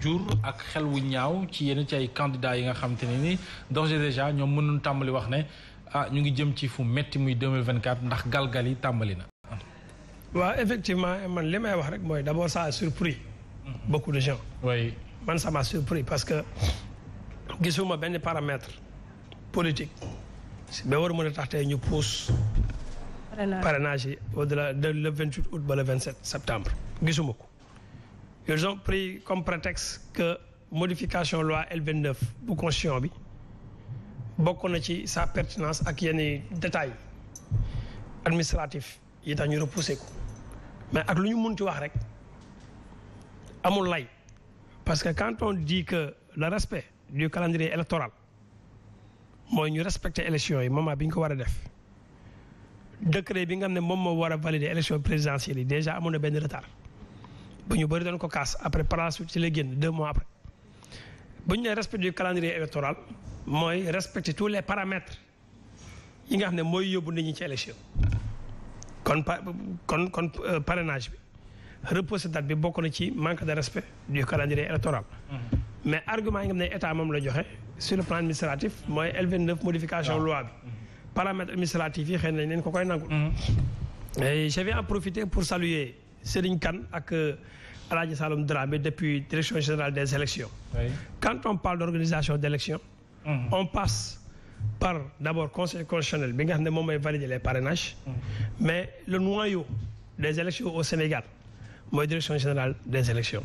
jur ak xel wu ñaaw ci yenn ci ay candidats yi nga xam te ne ni d'ores et déjà ñoom mënuñ tàmbali wax ne ah ñu ngi jëm ci fu metti muy 2024 ndax galgal yi tàmbali na. waaw effectivement man li may wax rek mooy d'abord ça a surpris mhm. beaucoup de gens. man ça m'a parce que gisuma benn paramètre politique ba war mën a tax tey ñu pousse. parrainage yi au delà de le 28 août ba le 27 septembre gisuma ko. ils ont pris comme prétexte que modification loi L29 bu constitution bi bokk na ci sa pertinence ak yenn détails administratifs yi tax ñu repousser ko mais ak lu ñu mun ci wax rek amul lay parce que quand on dit que le respect du calendrier électoral mooy ñu respecter élection yi moment bi ñu ko war a def décret bi nga xam ne moom moo war a valider élection présidentielle yi déjà amoon na benn retard ba ñu bëri doon ko kaas après par la suite ci la génn deux mois après bu ñu nee respect du calendrier électoral mooy respecter tous les paramètres yi nga xam ne mooy yóbbu nit ñi ci élection kon kon euh, bi repousser date bi bokk na ci manque de respect du calendrier électoral. Mm-hmm. mais argument yi nga xam ne état moom la joxe sur le plan administratif mooy modification ah. loi bi. paramètres administratifs yi xëy na dañ leen ko koy nangul. Mm-hmm. j'avais en profité Serigne kan ak euh, Aladji Saloum Dramé depuis direction générale des élections oui. quand on parle d'organisation d'élections mm -hmm. on passe par d'abord conseil constitutionnel bi nga xam ne moom mooy valider les parrainages mm mais le noyau des élections au Sénégal mooy direction générale des élections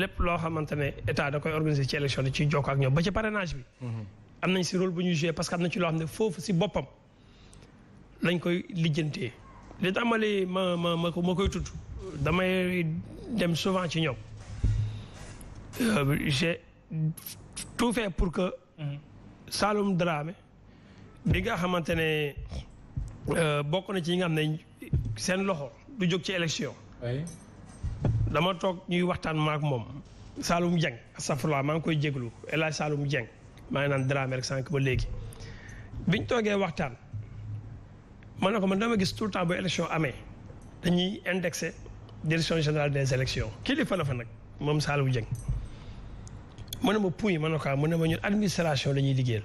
lépp loo xamante ne état da koy organiser ci élection di ci jokk ak ñoom ba ci parrainage bi mmh. am nañ si rôle bu ñu jouer parce que am na ci loo xam ne foofu si boppam lañ koy lijjantee li tax ma ma ma koy tudd damay dem souvent ci ñoom euh, tout fait pour que mhm. Saloum drame bi nga xamante ne euh, bokk na ci ñi nga ne seen loxo du jóg ci élection dama toog ñuy waxtaan maak moom Saloum Dieng astafurlah maa ngi koy jéglu El Hadj Saloum Dieng maa ngi naan Dramé rek sànq ba léegi biñ toogee waxtaan ma ne ko man dama gis tout bu élection amee dañuy indexé direction générale des élections kilifa la fa nag moom Saliou Dieng mu ne ma puy ma ne ko ah, mu ne ma ñun administration la ñuy liggéeyal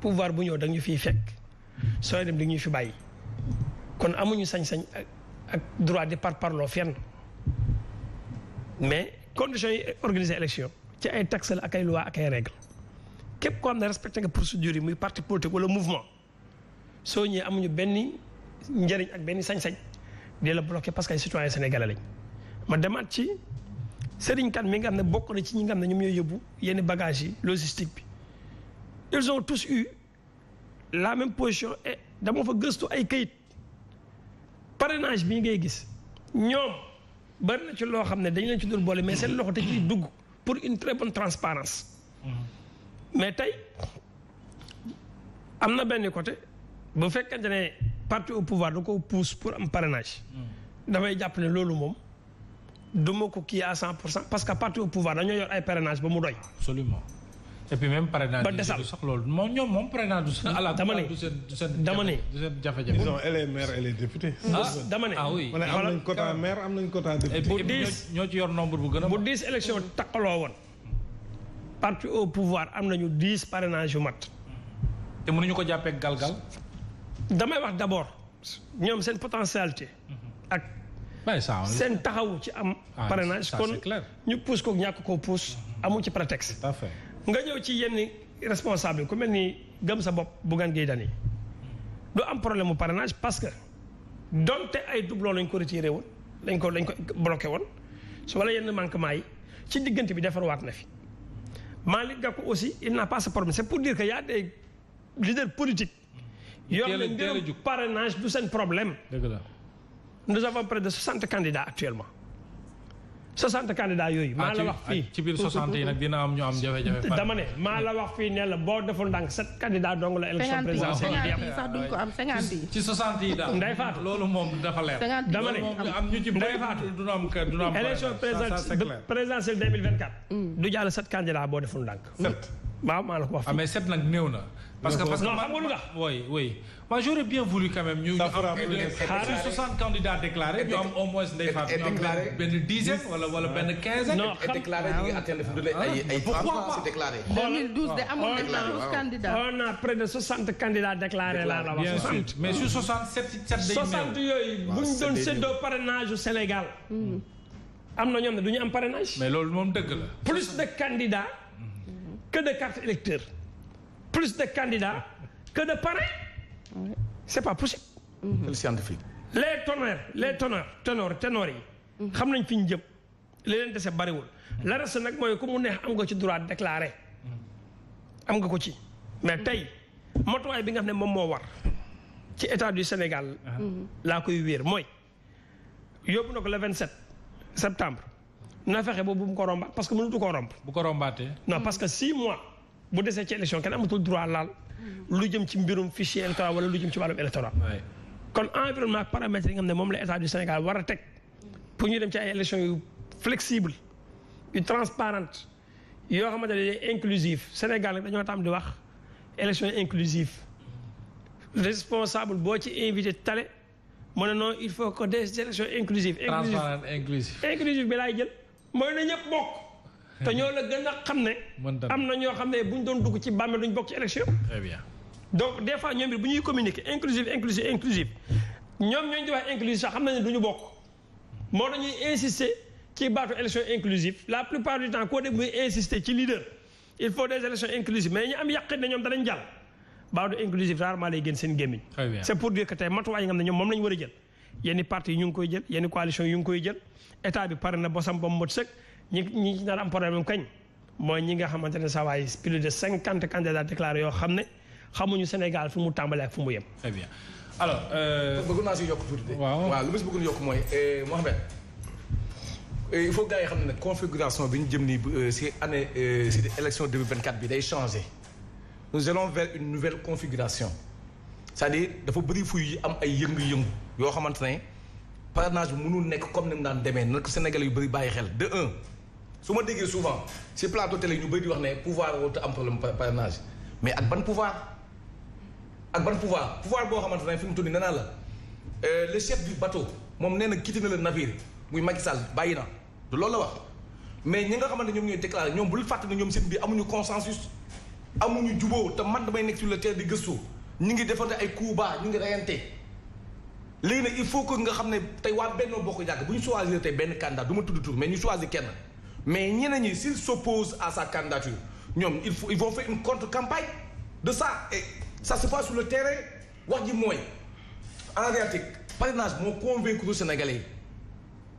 pouvoir bu ñëw da ñu fiy fekk sooy dem di fi bàyyi kon amuñu sañ-sañ ak droit di par parloo fenn mais conditions yi organiser élection ci ay taxes la ak ay lois ak képp koo xam ne respecté nga procédure yi muy parti politique wala mouvement soo ñëwee amuñu benn njëriñ ak benn sañ-sañ di la bloqué parce que ay citoyen sénégalais lañ ma demaat ci Serigne Kane mi nga am ne bokk na ci ñi nga xam ne ñoom ñooy yóbbu yenn bagage yi logistique bi ils ont tous eu la même position et dama fa gëstu ay kayit parrainage bi ngay gis ñoom bari na ci loo xam ne dañ leen ci doon boole mais seen loxo te ciy dugg pour une très bonne transparence mm-hmm. mais tey am na benn côté bu fekkente ne parti au pouvoir da ko pousse pour am parrainage. Mm. damay jàpp ne loolu moom du ma ko kii à cent pour cent parce que parti au pouvoir dañoo yor ay parrainage ba mu doy. absolument et puis même parrainage. ba desal loolu moom ñoom moom parrainage du seen. dama ne ah, ah, dama ne ah du am nañ quota maire am nañ yor nombre bu gën a. bu dix parti au pouvoir am nañu dix parrainage yu mat. te mënuñu ko jàppee gal gal damay wax d'abord ñoom seen potentialité. Mhm. ak seen taxawu ci am. Ah, parrainage kon ñu pousse ko ñàkk koo pousse. Mhm. amu ci prétexte. nga ñëw ci yenn responsable yi ku mel ni gëm sa bopp bu Gueye Dany du am problème mu parrainage parce que donte ay doublon lañ ko retiré woon lañ ko lañ ko bloqué woon su wala yenn manquement yi ci diggante bi defarwaat na fi Malick Gakou aussi il n'a pas ce problème c'est pour dire que y a des leaders yor na mbirum parrainage du seen problème. dëgg la nous avons près de soixante actuellement soixante candidats yooyu. Ah, maa la wax fii ah, ci biir soixante yi nag dina am ñu am jafe dama ne maa la wax fii ne la boo deful ndànk sept candidats dong la élection présidentielle yi am sax duñ ko am cinquante yi. ci soixante yi dama ne am ñu ci du am kër du am. élection présidentielle 2024. Mm. du jàll boo deful ndànk. waaw ah, maa la ko mais sept nag néew na. parce que parce que non xam nga lu bien voulu quand même. ñu am benn dizaine wala benn quinzaine. non xam ah. déclaré ñu ngi de amoon nañu douze a près de soixante candidats déclarés la wax. mais sur soixante sept sept day néew. soixante yooyu bu ñu doon séddoo parrainage Sénégal. Hmm. na ñoom ne ñu am parrainage. mais loolu moom dëgg la. plus de candidats. que de cartes électeurs plus de candidats que de parrains oui. c'est pas possible mm-hmm. le scientifique les ténors les ténors ténors yi mhm. xam nañ fi ñu jëm li leen dese bariwul mhm. la reste nag mooy ku mu neex am nga ci droit déclaré mhm. am nga ko ci mais tey matuwaay bi nga xam ne moom moo war ci état du Sénégal laa koy wér mooy yóbbu na ko le 27 septembre na fexe boobu bu mu ko rombaat parce que mënutu koo romb. bu ko rombaatee. non parce que six mois bu desee ci élection kenn amatul droit laal. lu jëm ci mbirum fichier électoral wala lu jëm ci wàllum électoral. kon environnement paramètres yi nga xam ne moom la état du Sénégal war a teg pour ñu dem ci ay élections yu flexible yu transparente yoo xamante ne day inclusive Sénégal dañoo tam di wax élection inclusive responsable boo ci invité tale mu ne non il faut que des élections inclusives. transparente inclusive mooy na ñëpp bokk. te ñoo la gën a xam ne. am na ñoo xam ne bu ñu doon dugg ci bàmmeel duñ bokk ci élection. très bien donc des ñoom it bu ñuy communiquer inclusive inclusive inclusive ñoom ñooñu di wax inclusive sax xam nañ ne du ñu bokk moo dañuy insister ci baatu élection inclusive la plupart du temps koo def muy insister ci leader il faut des élections inclusives mais ñu am yàqin ne ñoom danañ jàll baatu inclusive rarement lay génn seen gémmiñ. c'est pour dire que tey matuwaay yi war a jël. yenn parti yu ngi koy jël yenn coalition yu ngi koy jël état bi pare na bosam ba mu mot sëkk ñi ñi ci nar am problème kañ mooy ñi nga xamante ne saa waay plus de cinquante candidats déclarés yoo xam ne xamuñu Sénégal fu mu tàmbalee ak fu mu yem. très bien alors. Euh, bëgg naa si yokk tuuti de. waaw lu ma si bëggoon yokk mooy euh, Mohamed euh, il faut gars yi xam ne nag configuration bi ñu jëm nii si année si élection 2024 bi day changé nous allons vers une nouvelle configuration. ca à dafa bëri fuy am ay yëngu-yëngu yoo xamante ne parrainage bi mënul nekk comme ni mu demee nag Sénégalais yu bëri bàyyi xel de un su ma déggee souvent si plateau télé ñu bëri di wax ne pouvoir warut am problème parrainage mais ak ban pouvoir ak ban pouvoir pouvoir boo xamante ne fi mu toll nii naa la euh, le chef du bateau moom nee na quitté na le navire muy Macky Sall bàyyi na du loolu la wax mais ñi nga xamante ñoom ñooy déclaré ñoom bul fàttali ñoom seen bi amuñu consensus amuñu jubóo te man damay nekk sur le terrain di gëstu. ñu ngi defante ay coups ñu ngi reyante léegi nag il faut que nga xam ne tey waa Benno Bokk Yaakaar bu ñu choisir tey benn candidat du ma tudd tur mais ñu choisir kenn mais ñeneen ñi s'il s'oppose à sa candidature ñoom il faut ils vont faire une contre campagne de ça sa ça se passe sur terrain wax ji mooy en réalité parrainage moo convaincre Sénégalais yi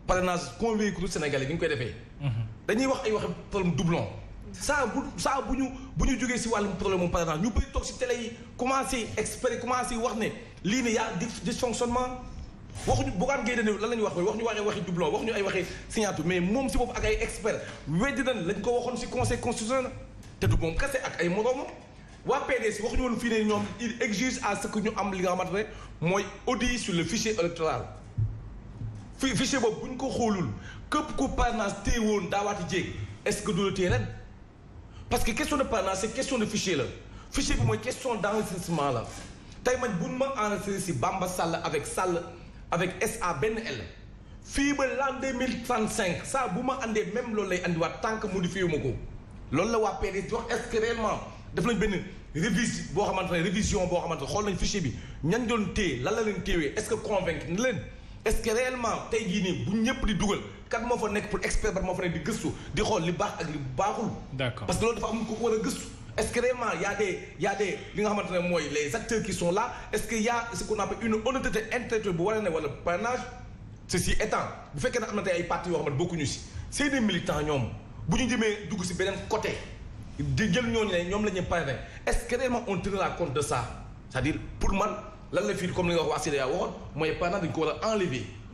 parrainage convaincre Sénégalais yi ni koy defee. Mhm. dañuy wax ay wax problème doublon. saa bu saa bu ñu bu ñu jógee si wàllum problème moom par ñu bëri toog si télé yi commencé expert commencé wax ne lii ne yaa dysfonctionnement waxuñu Bougane Gueye Dany lan la ñu wax mooy wax ñu waxee waxi doublon wax ñu ay waxi signature mais moom si bopp ak ay expert weddi lañ ko waxoon si conseil constitutionnel te du moom kese ak ay moroomam waa wax ñu woon fii ne ñoom il exige à ce que ñu am li nga xamante ne mooy audit sur le fichier électoral fi fichier boobu bu ñu xoolul képp ku parrainage woon daawaati jéeg est-ce que du la téye ren parce que question de parrainage c'est question de fichier la fichier bi mooy question d'enregistrement la tey man buñ ma enregistré si Bamba Sall avec Sall avec SA benn L fii ba l'an deux mille trente cinq saa bu ma andee même loolu lay indiwaat tant que modifié wu ma ko loolu la waa PDS wax est-ce que réellement benn révise boo xamante ne révision boo xamante xool nañ fichier bi ñan doon téye lan la leen téewee est-ce que convaincre na leen est-ce tey jii nii bu ñëpp di dugal kan moo fa nekk pour expert ba moo fa nekk di gëstu di xool li baax ak li baaxul. d'accord parce que loolu dafa am ku ko war a gëstu. est-ce que vraiment y a des li nga xamante ne mooy les acteurs qui sont là est-ce que y a ce qu'on appelle une honnêteté intellectuelle bu war a ne wala parrainage. ceci étant bu fekkee ne am na tey ay partis yoo xam ne bokkuñu si c'est des ñoom bu ñu jëmee dugg si beneen côté di jël ñooñu ne ñoom la ñuy parrainé est-ce que vraiment on tiendra compte de ça c'est-à-dire pour lan la fii comme li nga wax waa mooy parrainage dañu ko war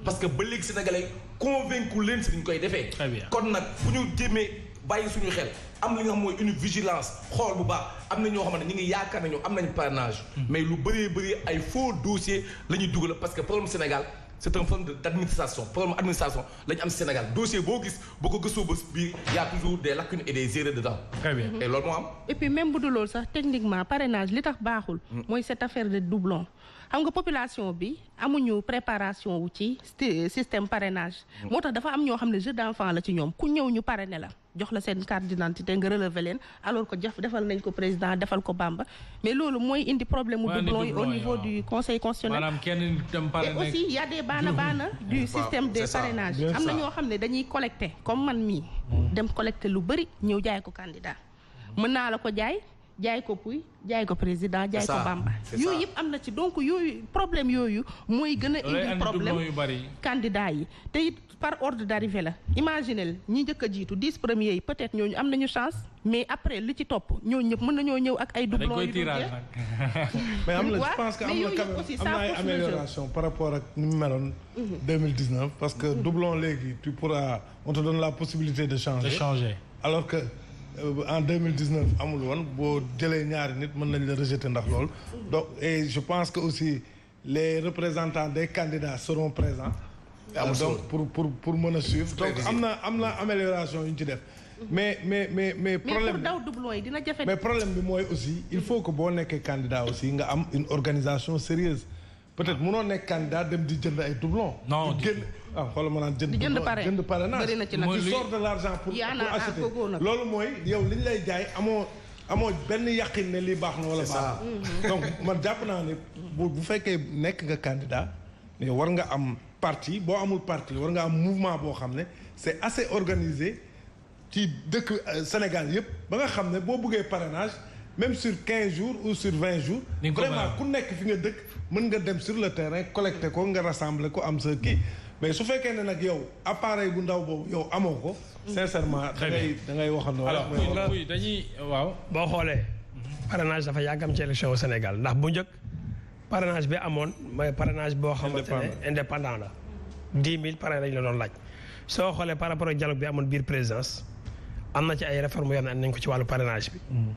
parce que ba léegi sénégalais convaincu leen si ñu koy defee. kon nag bu ñu jéemee bàyyi suñu xel am li nga xam mooy une vigilance xool bu baax am na ñoo xam ne ñu ngi yaakaar nañu am nañ parrainage. Hmm. mais lu bëree bëri ay faux dossier la ñuy dugal parce que problème Sénégal. c'est un problème d'administration problème administration la am Sénégal dossier boo gis boo ko gëstoo ba biir y a toujours des lacunes et des erreurs dedans. très bien et loolu moo am. et puis même bu dul loolu sax techniquement parrainage li tax baaxul. Mm. mooy cette affaire de doublon. xam nga population bi amuñu préparation wu ci système parrainage. Mm. moo tax dafa am ñoo xam ne jeu d'enfant la ci ñoom ku ñëw ñu parrainé la. jox la seen carte d'identité nga relever leen alors que jaf defal nañ ko président defal ko Bamba mais loolu mooy indi problème mu doublon yi au niveau du conseil constitutionnel et aussi y a des baana baana du système des parrainages am na ñoo xam ne dañuy collecter comme man mii mm. dem collecter lu bëri ñëw jaay ko candidat mën naa la ko jaay jaay ko puy jaay ko président jaay ko bamba yooyu yëpp am na ci donc yooyu problème yooyu mooy gën a indi problème candidat yi te it par ordre d'arrivée la imaginel ñi njëkk a jiitu dix premiers yi peut-être ñooñu am nañu chance mais après li ci topp ñooñu ñëpp mën nañoo ñëw ak ay doublons yu dul mais am na je que am am na ay amélioration par rapport ak ni mu meloon 2019 mhm. parce que mhm. doublon léegi tu pourras on te donne la possibilité de changer de changer alors que Euh, en deux mille dix neuf amul woon boo jëlee ñaari nit mën nañu la rejeter ndax lool donc et je pense que aussi les représentants des candidats seront présents. donc pour pour pour mën a suivre. donc am na am na amélioration yu ñu ci def. mais mais mais mais problème mais yi dina jafe. mais problème bi mooy aussi il faut que boo nekkee candidat aussi nga am une organisation sérieuse peut-être ah. munoo nekk candidat dem di jënd ay doublon. non génn ah xoolal ma naan jënd. jënd pare jënd pare naa na ci nag mooy sort de l'argent pour pour ah, acheter loolu mooy yow li ñu lay jaay amoo. amoo benn yàqin ne lii baax na wala baax mhm. donc man jàpp naa ne bu bu fekkee nekk nga candidat mais war nga am parti boo amul partie war nga am mouvement boo xam ne c'est assez organiser ci dëkk euh, Sénégal yëpp ba nga xam ne boo buggee parrainage même sur quinze jours ou sur vingt jours vraiment ku nekk fi nga dëkk mën nga dem sur le terrain collecter ko nga rassembler ko am sa kii mais su fekkee ne nag yow appareil bu ndaw boobu yow amoon ko. sincèrement da ngay da ngay waxandoo. alors oui waaw. boo xoolee. parrainage dafa yàggam ci élection au Sénégal ndax bu njëkk. parrainage bi amoon mooy parenage boo. xamante ne indépendant la. dix mille parrain dañ la doon laaj. soo xoolee par rapport ak dialogue bi amoon biir présidence am na ci ay réformes yoo nañ ko ci wàllu parrainage bi. Hmm.